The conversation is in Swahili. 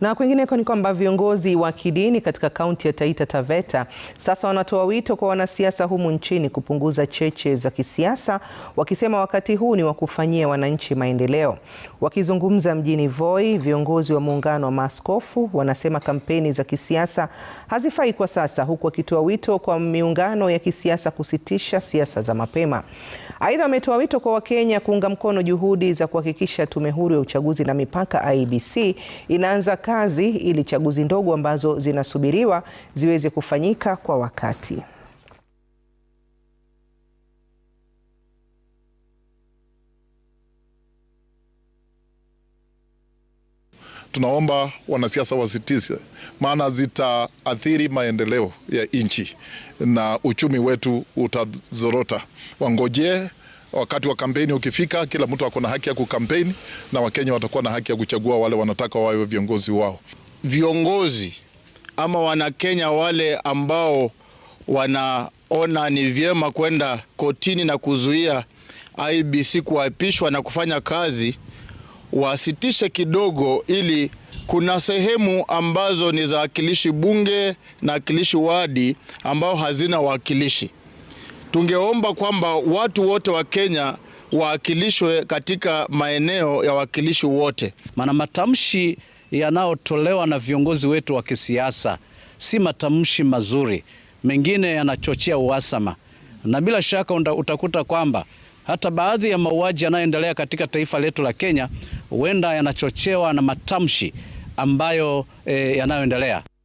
Na kwingineko ni kwamba viongozi wa kidini katika kaunti ya Taita Taveta sasa wanatoa wito kwa wanasiasa humu nchini kupunguza cheche za kisiasa, wakisema wakati huu ni wa kufanyia wananchi maendeleo. Wakizungumza mjini Voi, viongozi wa muungano wa maaskofu wanasema kampeni za kisiasa hazifai kwa sasa, huku wakitoa wito kwa miungano ya kisiasa kusitisha siasa za mapema. Aidha, wametoa wito kwa Wakenya kuunga mkono juhudi za kuhakikisha tume huru ya uchaguzi na mipaka IEBC inaanza kazi ili chaguzi ndogo ambazo zinasubiriwa ziweze kufanyika kwa wakati. Tunaomba wanasiasa wasitize, maana zitaathiri maendeleo ya nchi na uchumi wetu utazorota. Wangojee Wakati wa kampeni ukifika, kila mtu ako na haki ya kukampeni na Wakenya watakuwa na haki ya kuchagua wale wanataka wawe viongozi wao. Viongozi ama Wanakenya wale ambao wanaona ni vyema kwenda kotini na kuzuia IBC kuapishwa na kufanya kazi wasitishe kidogo, ili kuna sehemu ambazo ni za wakilishi bunge na wakilishi wadi ambao hazina wakilishi tungeomba kwamba watu wote wa Kenya waakilishwe katika maeneo ya wakilishi wote, maana matamshi yanayotolewa na viongozi wetu wa kisiasa si matamshi mazuri, mengine yanachochea uhasama, na bila shaka utakuta kwamba hata baadhi ya mauaji yanayoendelea katika taifa letu la Kenya huenda yanachochewa na matamshi ambayo e, yanayoendelea.